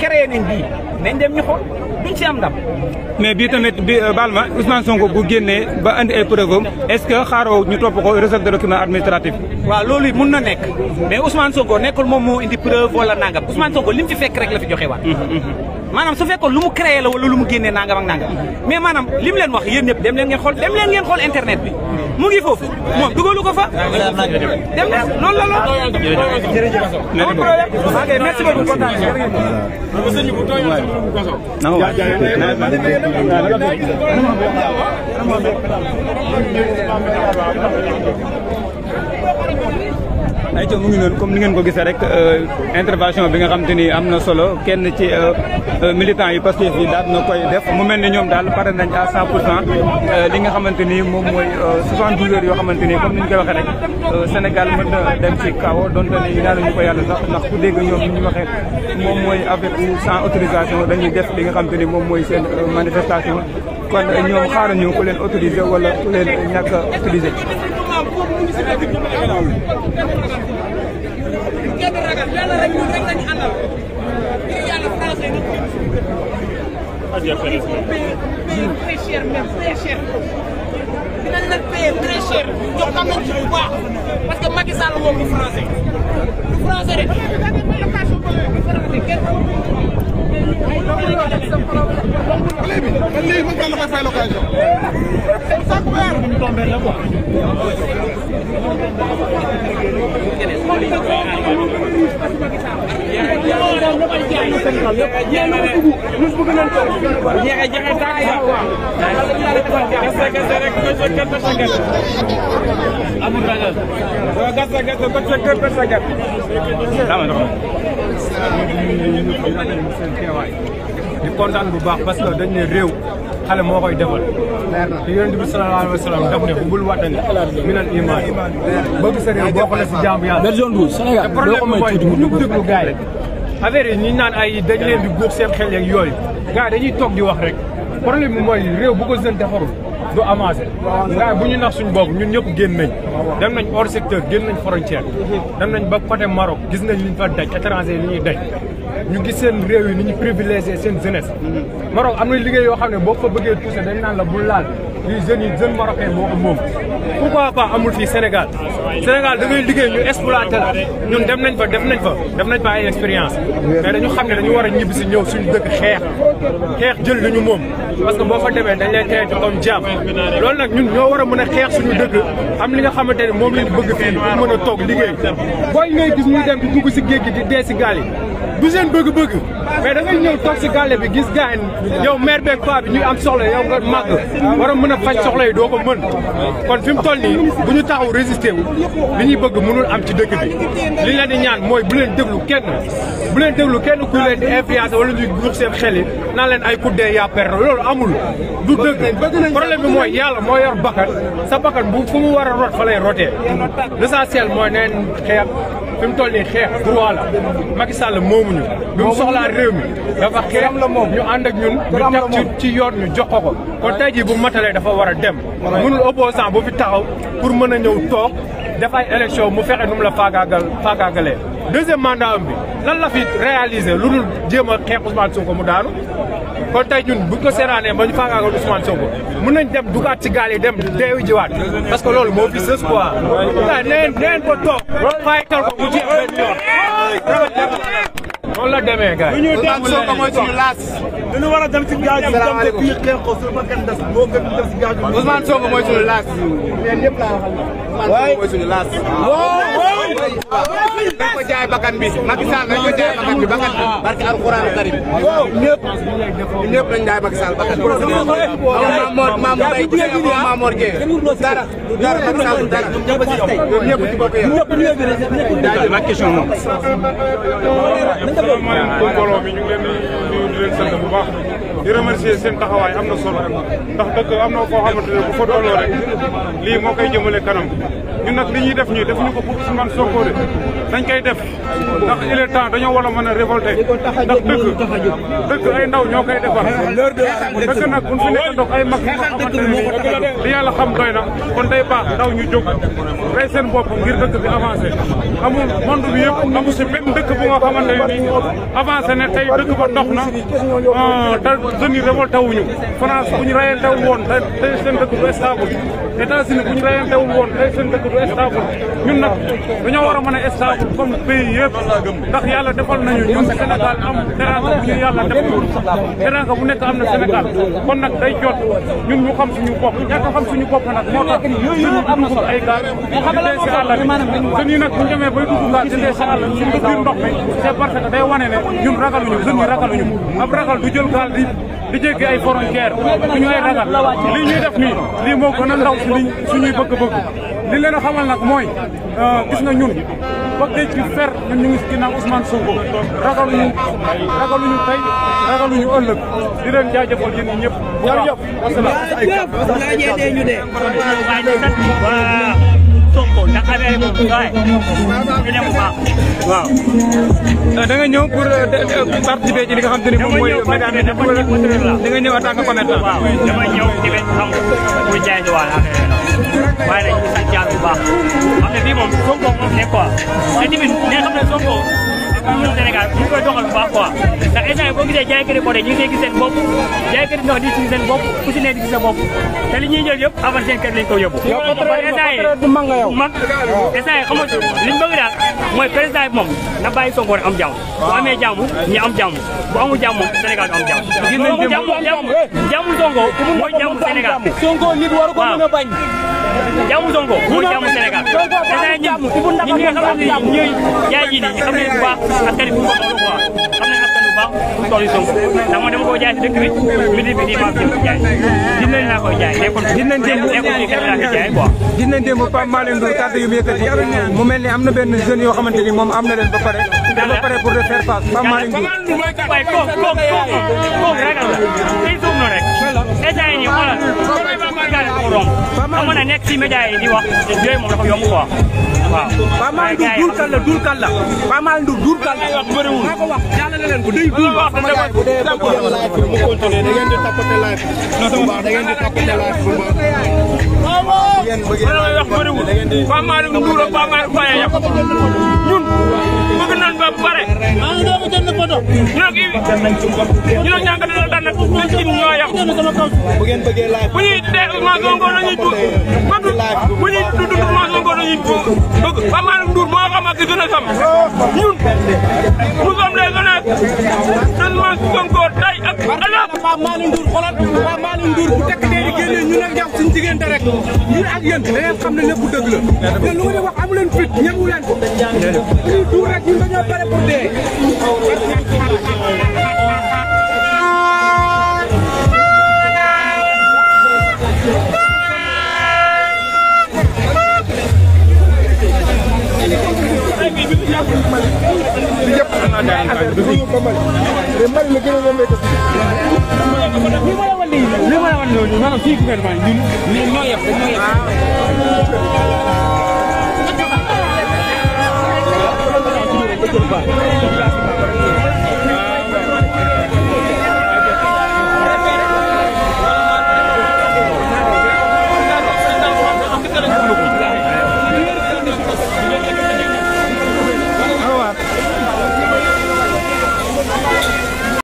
créé nañ bii nañ dem ñu xool duñ ci am ndam. mais bii tamit bi euh, baal ma Ousmane Sonko bu génnee ba andi ay preuve est-ce que xaaroo ñu topp ko recherche de document administratif. waaw loolu it mun na nekk mais Ousmane Sonko nekkul moom moo indi preuve wala nangam Ousmane Sonko li mu fi fekk rek la fi joxe waat. Mm-hmm, mm-hmm. maanaam su fekkoon lu mu créé la wala lu mu génnee naanga ak nangam mais maanaam li mu leen wax yéen ñëpp dem leen ngeen xool dem leen ngeen xool internet bi mu ngi foofu moom dugalu ko fa. dem leen noonu la lool. jërëjëf merci beaucoup kontaan nañu. ay ca mu ngi noonu comme ni ngeen ko gisee rek euh, intervention bi nga xam ni am na solo kenn ci euh, euh, militants yi Pastef yi daal na koy def mu mel ni ñoom daal pare nañ à 100 pour cent li nga xamante ni moom mooy 72 heures yoo xamante ni comme ni ñu koy waxee rek Sénégal mën na dem ci kawo donte ni ñaanu ñu ko yàlla sax ndax ku dégg ñoom ñu waxee moom mooy avec ou autorisation dañuy def li nga xam te ni moom mooy seen manifestation kon ñoom xaaruñu ku leen autorisé wala ku leen ñàkk autorisé maanaam foofu kenn ragal yàlla rek ñun rek lañu àndal ngir yàlla français nag jëm suñu dëkk. ils vont payer payer très cher même très cher. dinañ leen payer très cher ñoom xam nañ ci bu baax parce léegi man kay la koy fay location. jeexe jeexe tak gasa gasa rek ko baax parce que dañ ne réew xale moo koy defal te yonent bi sallallahu alayhi wa sallam daf ne bul wàttani minal iman bëgg sa réew si jaamu yàlla version douze Sénégal problème bi mooy ñëpp déglu affaire yi ñu naan ay dañ leen di guux seen xel yeeg yooyu gars yi dañuy toog di wax rek problème bi mooy réew bu ko jeune defarul du avancé. gars yi bu ñu nax suñu bopp ñun ñëpp génnañ nañ. nañ hors secteur génn nañ frontière. dem nañ ba côté Maroc gis nañ liñ fa daj étranger li ñuy daj. ñu gis seen réew yi ni ñu privilégié seen jeunesse. Maroc am na liggéey yoo xam ne boo fa bëggee touché dañ naan la bu laal. lii jeunes yi jeune marocain moo ko moom pourquoi pas amul fii Sénégal Sénégal da liggéey ñu exploité la ñun dem nañ fa def nañ fa def nañ fa ay expérience mais dañu xam ne dañu war a ñibbi si ñëw suñu dëkk xeex xeex jël li ñu moom parce que boo fa demee dañ lay traité comme jaam loolu nag ñun ñoo war a mën a xeex suñu dëkk am li nga xamante ne moom lañ bëgg fii pour mën a toog liggéey booy ngay gis ñuy dem di dugg si géej gi di dee si gaal yi du seen bëgg-bëgg mais da ngay ñëw toog si gàlle bi gis gars yow maire beeg paa bi ñuy am soxla yow nga màgg war a mën a faj soxla yi doo ko mën kon fi mu nii bu ñu taxaw résister wu li ñuy bëgg mënul am ci dëkk bi li leen di ñaan mooy bu leen lu kenn bu leen lu kenn ku leen di influence wala ñuy guux seen xel yi naa leen ay kuddee yaa perno loolu amul du dëgg problème bi mooy yàlla moo yor bakkan sa bakkan bu fu mu war a rot fa lay rotee l'essentiel mooy neen xeex fi mu toll nii xeex droit la Macky Sall moomuñu bi mu soxlaa réew mi dafa xeex ñu ànd ak ñun ñu teg ci ci yoon ñu jox ko ko kon jii bu matalee dafa war a dem mënul opposant bu fi taxaw pour mën a ñëw toog def ay élection mu fexe nu la faagaagal faagaagalee deuxième mandat am bi lan la fi réalisé lu dul jéem a xeex Ousmane Sonko mu daanu kon tey ñun buñ ko seeraanee ba ñu faagaagal Ousmane Sonko mën nañ dem dugaat ci gaal yi dem deewi jiwaat parce que loolu moo fi sës quoi. waaw neen neen ko toog. fay tal ko bu jeex benn yoon. noonu la demee gars yi. Ousmane Sonko mooy suñu laas. dañu war a dem ci moo gën laas. waay mooy suñu laas. nañ ko jaay bakkan bi Macky Sall nañ ko jaay bakkan bi bakkan bi barke alquran karim ñëpp ñëpp nañ jaay Macky Sall bakkan bi Mamour Mamour Mbaye Dieng Mamour Dieng dara dara Macky Sall dara ñëpp ci yow ñëpp ci bokk yow ma question moom asalaamaaleykum mbooloo mi ñu ngi leen di di remercier seen taxawaay am na solo ndax dëkk am na koo xamante ne bu fa dooloo rek lii moo koy jëmale kanam ñun nag di ñuy def ñii defuñu ko pour Ousmane Sonko de dañ koy def ndax il est dañoo war a mën a révolter ndax dëkk dëkk ay ndaw ñoo koy defar dëkk nag buñ fi nekk ndox ay mag ñoo xamante ne li yàlla xam doy na kon day baax ndaw ñu jóg rey seen bopp ngir dëkk bi avancé amul monde bi yëpp amul si benn dëkk bu nga xamante ne nii avancé ne tey dëkk ba dox na ah, te jeunes yi révolté wuñu France bu ñu rayee taw woon te seen dëkk bu stable États-Unis bu ñu reyantewul woon tey seen dëkk du stable ñun nag dañoo war a mën a stable comme pays yëpp ndax yàlla defal nañu ñun Sénégal am teranga bu ñu yàlla deful teranga bu nekk am na Sénégal kon nag day jot ñun ñu xam suñu bopp ñàkk xam suñu bopp nag moo tax suñu dugg ay gaal di dee si àll bi jeunes nag bu ñu demee bay dugg gaal di dee si àll suñu biir ndox mi c'est parce que day wane ne ñun ragaluñu jeunes yi ragaluñu ragal du jël gaal di jéggi ay frontière du ñu ay ragal lii ñuy def nii lii moo gën a ndaw suñuy suñuy li leen a xamal nag mooy gis nga ñun ba géej gi fer ñun ñu ngi si ginnaaw Ousmane Sonko ragaluñu ragaluñu tey ragaluñu ëllëg di leen jaajëfal yéen ñëpp. waaw waaw waaw waaw waaw waaw waaw waaw waaw waaw waaw waaw waaw waaw Sonko ndax affaire moom waaye ñu ne bu baax waaw euh, da nga ñëw euh, pour participer ci li nga xam te ni moom mooy médaille da nga ñëw en tant que commerçant waaw dama ñëw ci benn xam pour jaay ci wàll waaye nag ñu sant yàlla bu baax xam ne bii moom Sonko moom ne quoi te tamit ne xam ne Sonko ñun Sénégal ñu ngi koy doxal bu baax quoi ndax instant yi boo gisee jaaykat yi côté ñu ngi see gis seen bopp jaaykat yi ndox di gis seen bopp ku si ne di gis sa bopp te li ñuy jël yëpp avant seen kër lañ ko yóbbu instant yi mag instant yi xamante li ñu bëgg daal mooy président bi moom na bàyyi Sonko am jàmm bu amee jàmm ñu am jàmm bu amul jàmm moom Sénégal du am jàmm jàmm Sonko mooy jàmm Sénégal Sonko nit waru ko mën a bañ jàmm Sonko mooy jàmm Sénégal instant yi ñun ñi nga xamante ni ñooy jaay ji ni xam ne bu baax askan wi bu ma ko wax xam nañ askan bu baax bu toll yi Sonko ndax man dama ko jaay si dëkk bi midi bi nii maa ngi koy jaay dina laa koy jaay nekkul dinañ dem nekkul nii kenn laa koy jaay quoi dinañ dem Pape Malick Ndour kàddu yu mu yëkkati mu mel ni am na benn jeune yoo xamante ni moom am na leen ba pare ba pare pour de faire face Pape Malick Ndour waaye kooku kooku kooku ragal la essai nii xoolal xam nga nekk si média yi di wax yooyu moom dafa yomb quoi waaw. Pape Malick Ndour duur kan la duur kan la Pape Malick Ndour duur kan la bëriwul maa ko wax jàllale leen ko day duur sama gars yi bu dee bëgg ngeen live bi mu continuer da ngeen di tapoter live bu baax da ngeen di tapoter live bu baax. yéen bëgg ngeen wax bëriwul Pape Malick Ndour ak Pape Malick Faye ñun bëgg nañ ba pare. ñoo ngi ñu doon ñàkk dañoo daan nag ñun ci ñoo yàqu. bu ngeen bëggee laaj. bu ñuy dee Ousmane Sonko dañuy tuut bu ñuy tudd Ousmane Sonko dañuy bëgg Pape Malick Ndour moo xam ak ki gën a xam ñun nous sommes les honnêtes de Ousmane Sonko tey ak ëllëg. Pape Malick Ndour xoolal Pape Malick Ndour bu tekk dee di génnee ñu nag jàpp suñu diggante rek ñun ak yéen da ngeen xam ne lépp dëgg la te lu ma di wax amu leen fit ñëwu leen ko bu ñuy duur rek ñun dañoo pare pour dee. jàppale Mali di yëpp ko Mali te Mali la gën a yombee li ma la wan nii li ma la wan noonu maanaam fii gouvernement ñun ñun ñoo yëpp dañoo yëpp Thank you.